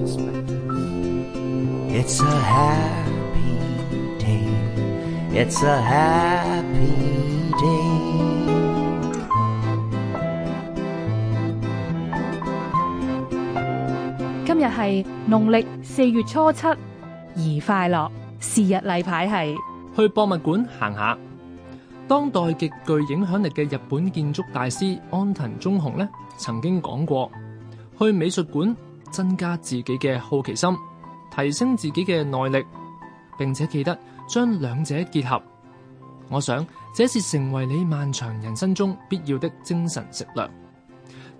It's a happy day. It's a happy day. 今日係農曆四月初七，宜快樂。是日例牌係去博物館行下。當代極具影響力嘅日本建築大師安藤忠雄呢，曾經講過：去美術館。增加自己嘅好奇心，提升自己嘅耐力，並且記得將兩者結合。我想這是成為你漫長人生中必要的精神食糧。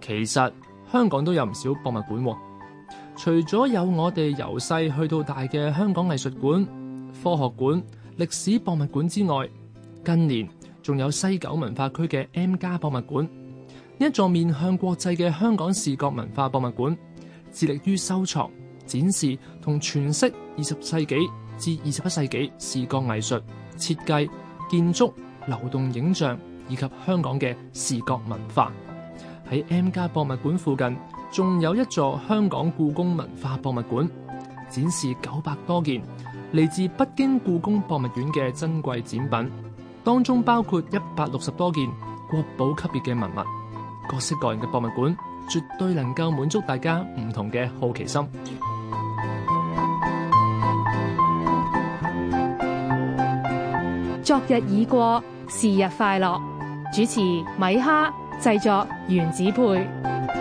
其實香港都有唔少博物館，哦，除咗有我哋由細去到大嘅香港藝術館、科學館、歷史博物館之外，近年仲有西九文化區嘅 M+ 博物館，一座面向國際嘅香港視覺文化博物館。致力於收藏、展示同詮釋二十世紀至二十一世紀視覺藝術、設計、建築、流動影像以及香港嘅視覺文化。喺 M 家博物館附近，仲有一座香港故宮文化博物館，展示九百多件嚟自北京故宮博物院嘅珍貴展品，當中包括一百六十多件國寶級別嘅文物。各式各樣嘅博物館，絕對能夠滿足大家唔同嘅好奇心。昨日已過，是日快樂。主持米哈，製作原子配。